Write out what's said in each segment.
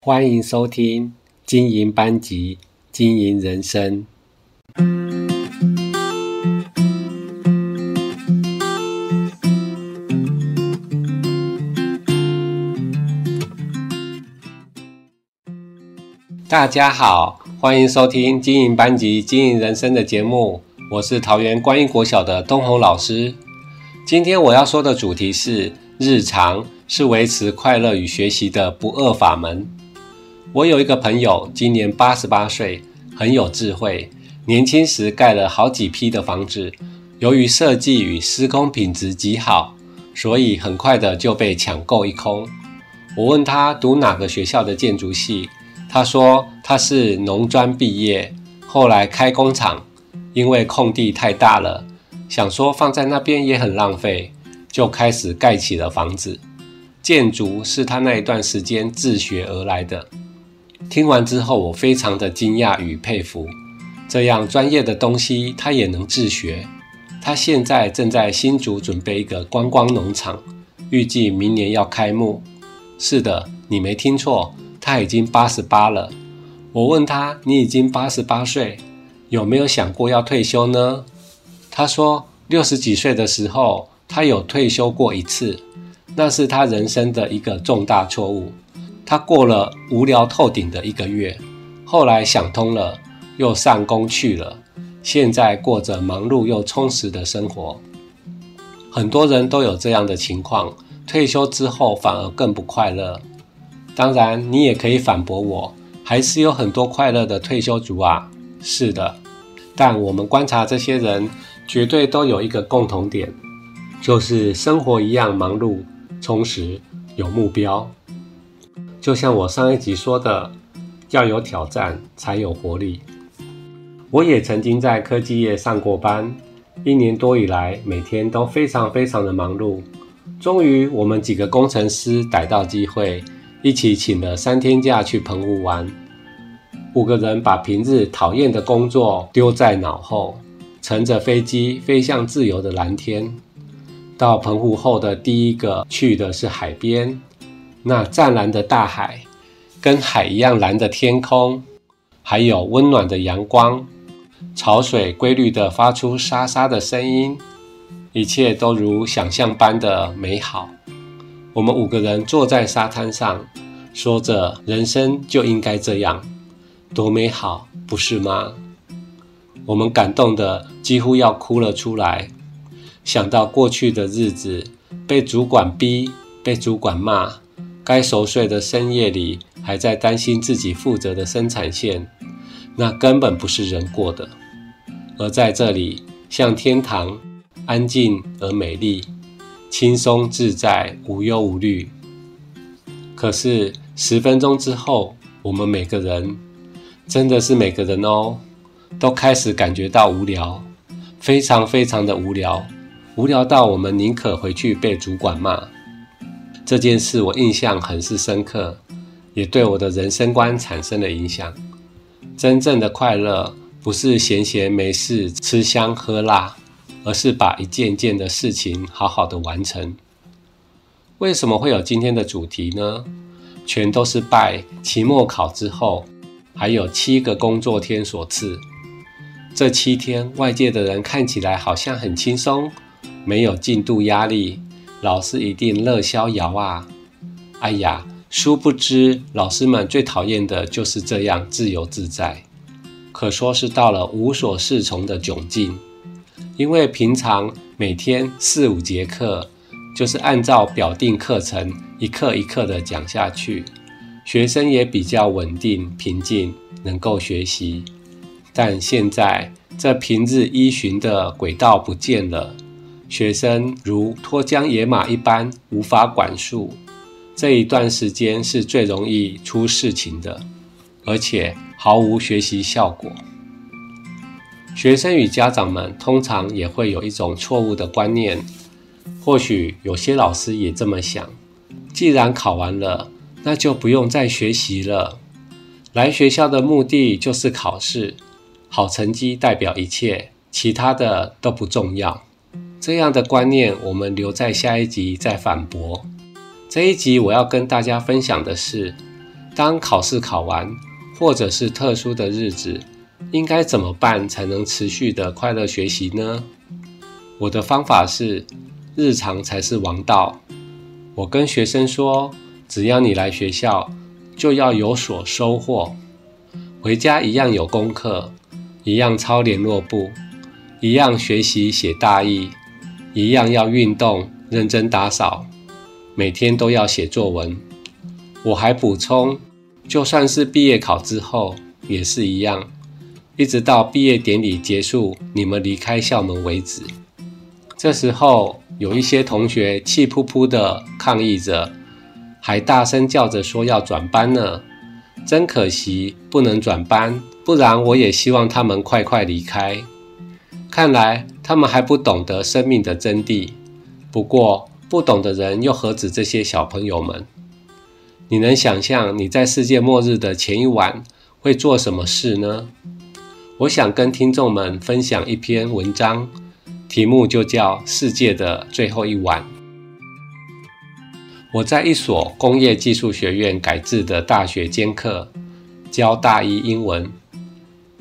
歡迎收聽《經營班級，經營人生》。大家好，歡迎收聽《經營班級，經營人生》的節目。我是桃園觀音國小的東紅老師。今天我要說的主題是：日常是維持快樂與學習的不二法門。我有一個朋友，今年八十八歲，很有智慧。年輕時蓋了好幾批的房子，由於設計與施工品質極好，所以很快的就被搶購一空。我問他讀哪個學校的建築系，他說他是農專畢業，後來開工廠，因為空地太大了，想說放在那邊也很浪費，就開始蓋起了房子。建築是他那一段時間自學而來的。聽完之後，我非常的驚訝與佩服，這樣專業的東西他也能自學。他現在正在新竹準備一個觀光農場，預計明年要開幕。是的，你沒聽錯，他已經八十八了。我問他：“你已經八十八歲，有沒有想過要退休呢？”他說：“六十幾歲的時候，他有退休過一次，那是他人生的一個重大錯誤。”他過了無聊透頂的一個月，後來想通了，又上工去了。現在過着忙碌又充實的生活。很多人都有這樣的情況：退休之後反而更不快樂。當然，你也可以反駁我，還是有很多快樂的退休族啊。是的，但我們觀察這些人，絕對都有一個共同點，就是生活一樣忙碌、充實、有目標。就像我上一集說的，要有挑戰才有活力。我也曾經在科技業上過班，一年多以來，每天都非常非常的忙碌。終於，我們幾個工程師逮到機會，一起請了三天假去澎湖玩。五個人把平日討厭的工作丟在腦後，乘着飛機飛向自由的藍天。到澎湖後的第一個去的是海邊。那湛藍的大海，跟海一樣藍的天空，還有溫暖的陽光，潮水規律地發出沙沙的聲音，一切都如想象般的美好。我們五個人坐在沙灘上，說着“人生就應該這樣，多美好，不是嗎？”我們感動得幾乎要哭了出來。想到過去的日子，被主管逼，被主管罵。該熟睡的深夜裡，還在擔心自己負責的生產線，那根本不是人過的。而在這裡，像天堂，安靜而美麗，輕鬆自在，無憂無慮。可是十分鐘之後，我們每個人，真的是每個人哦，都開始感覺到無聊，非常非常的無聊，無聊到我們寧可回去被主管罵。這件事我印象很是深刻，也對我的人生觀產生了影響。真正的快樂不是閒閒沒事吃香喝辣，而是把一件件的事情好好的完成。為什麼會有今天的主題呢？全都是拜期末考之後還有七個工作天所賜。這七天外界的人看起來好像很輕鬆，沒有進度壓力。老師一定樂逍遙啊！哎呀，殊不知，老師們最討厭的就是這樣自由自在，可說是到了無所適從的窘境。因為平常每天四五節課，就是按照表定課程一課一課的講下去，學生也比較穩定平靜，能夠學習。但現在這平日依循的軌道不見了。學生如脫韁野馬一般無法管束，這一段時間是最容易出事情的，而且毫無學習效果。學生與家長們通常也會有一種錯誤的觀念，或許有些老師也這麼想：既然考完了，那就不用再學習了。來學校的目的就是考試，好成績代表一切，其他的都不重要。這樣的觀念，我們留在下一集再反駁。這一集我要跟大家分享的是，當考試考完，或者是特殊的日子，應該怎麼辦才能持續的快樂學習呢？我的方法是，日常才是王道。我跟學生說，只要你來學校，就要有所收穫。回家一樣有功課，一樣抄聯絡簿，一樣學習寫大意。一樣要運動，認真打掃，每天都要寫作文。我還補充，就算是畢業考之後也是一樣，一直到畢業典禮結束，你們離開校門為止。這時候有一些同學氣撲撲地抗議着，還大聲叫着說要轉班呢。真可惜，不能轉班，不然我也希望他們快快離開。看來，他們還不懂得生命的真諦。不過，不懂的人又何止這些小朋友們？你能想象你在世界末日的前一晚會做什麼事呢？我想跟聽眾們分享一篇文章，題目就叫《世界的最後一晚》。我在一所工業技術學院改制的大學兼課，教大一英文，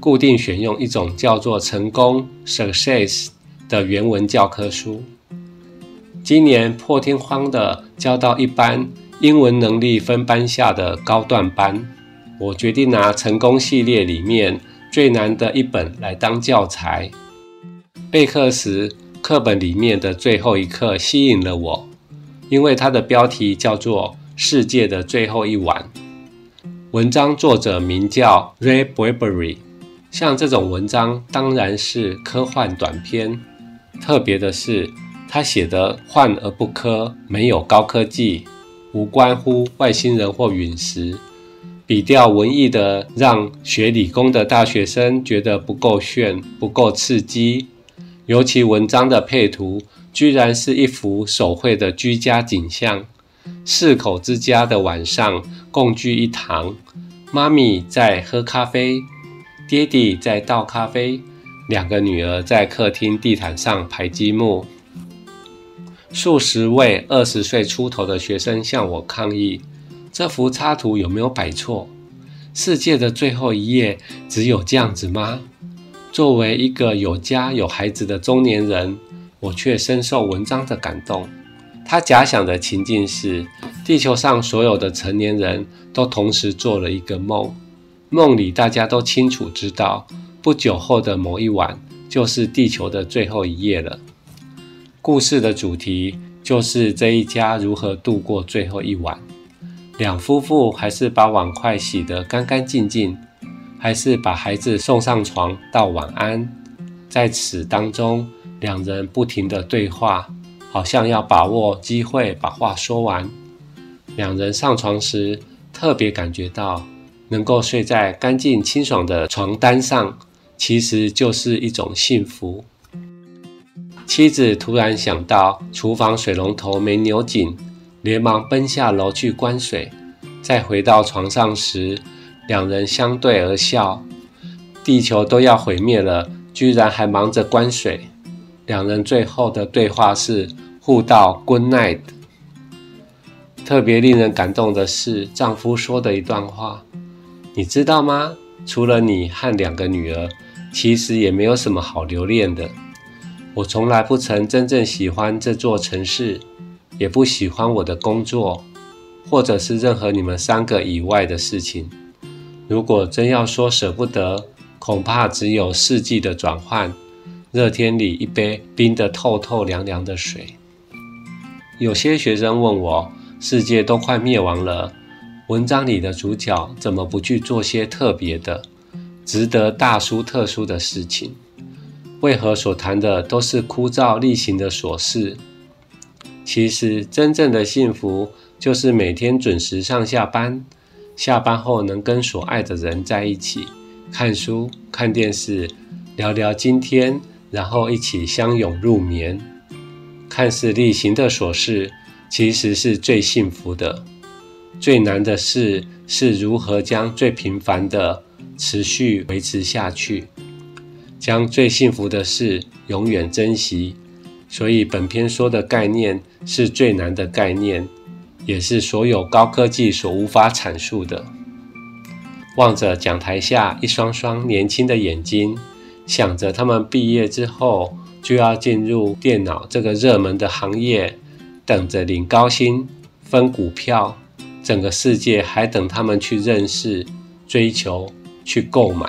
固定選用一種叫做“成功 ”（success）。的原文教科書，今年破天荒地教到一班英文能力分班下的高段班，我決定拿成功系列裡面最難的一本來當教材。備課時，課本裡面的最後一課吸引了我，因為它的標題叫做《世界的最後一晚》，文章作者名叫 Ray Bradbury，像這種文章當然是科幻短篇。特別的是，他寫的幻而不科，沒有高科技，無關乎外星人或隕石，比較文藝的，讓學理工的大學生覺得不夠炫，不夠刺激。尤其文章的配圖，居然是一幅手繪的居家景象，四口之家的晚上共聚一堂，媽咪在喝咖啡，爹地在倒咖啡。兩個女兒在客廳地毯上排積木。數十位二十歲出頭的學生向我抗議：“這幅插圖有沒有擺錯？世界的最後一頁只有這樣子嗎？”作為一個有家有孩子的中年人，我卻深受文章的感動。他假想的情境是：地球上所有的成年人都同時做了一個夢，夢裡大家都清楚知道。不久後的某一晚，就是地球的最後一夜了。故事的主題就是這一家如何度過最後一晚。兩夫婦還是把碗筷洗得乾乾淨淨，還是把孩子送上床道晚安。在此當中，兩人不停地對話，好像要把握機會把話說完。兩人上床時，特別感覺到能夠睡在乾淨清爽的床單上。其實就是一種幸福。妻子突然想到廚房水龍頭沒扭緊，連忙奔下樓去關水。再回到床上時，兩人相對而笑。地球都要毀滅了，居然還忙着關水。兩人最後的對話是互道 Good night。特別令人感動的是，丈夫說的一段話：“你知道嗎？除了你和兩個女兒。”其實也沒有什麼好留戀的。我從來不曾真正喜歡這座城市，也不喜歡我的工作，或者是任何你們三個以外的事情。如果真要說捨不得，恐怕只有四季的轉換，熱天裡一杯冰得透透涼涼的水。有些學生問我：世界都快滅亡了，文章裡的主角怎麼不去做些特別的？值得大書特書的事情，為何所談的都是枯燥例行的瑣事？其實，真正的幸福就是每天準時上下班，下班後能跟所愛的人在一起，看書、看電視，聊聊今天，然後一起相擁入眠。看似例行的瑣事，其實是最幸福的。最難的事是，是如何將最平凡的。持續維持下去，將最幸福的事永遠珍惜。所以，本篇說的概念是最難的概念，也是所有高科技所無法闡述的。望着講台下一雙雙年輕的眼睛，想着他們畢業之後就要進入電腦這個熱門的行業，等着領高薪、分股票，整個世界還等他們去認識、追求。去購買。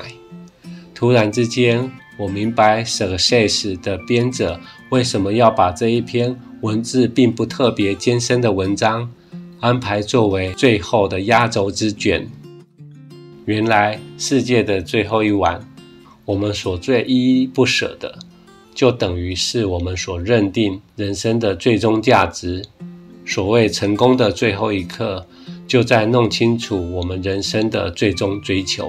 突然之間，我明白《Success》的編者為什麼要把這一篇文字並不特別艱深的文章安排作為最後的壓軸之卷。原來，世界的最後一晚，我們所最依依不捨的，就等於是我們所認定人生的最終價值。所謂成功的最後一刻，就在弄清楚我們人生的最終追求。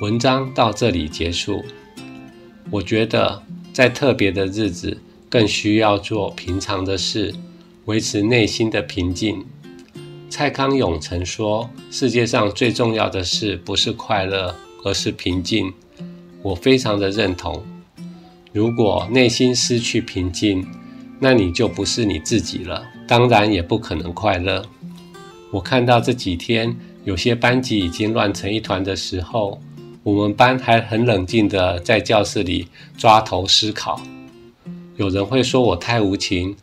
文章到這裡結束。我覺得在特別的日子，更需要做平常的事，維持內心的平靜。蔡康永曾說：“世界上最重要的事，不是快樂，而是平靜。”我非常的認同。如果內心失去平靜，那你就不是你自己了，當然也不可能快樂。我看到這幾天有些班級已經亂成一團的時候。我們班還很冷靜地在教室裡抓頭思考。有人會說我太無情，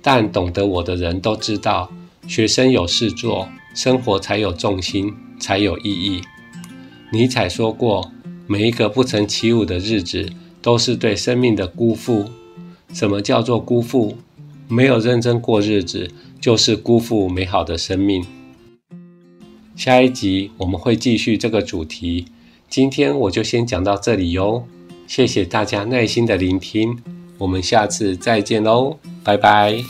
但懂得我的人都知道，學生有事做，生活才有重心，才有意義。尼采說過，每一個不曾起舞的日子，都是對生命的辜負。什麼叫做辜負？沒有認真過日子，就是辜負美好的生命。下一集我們會繼續這個主題。今天我就先講到這裡喲、哦，謝謝大家耐心的聆聽，我們下次再見嘍，拜拜。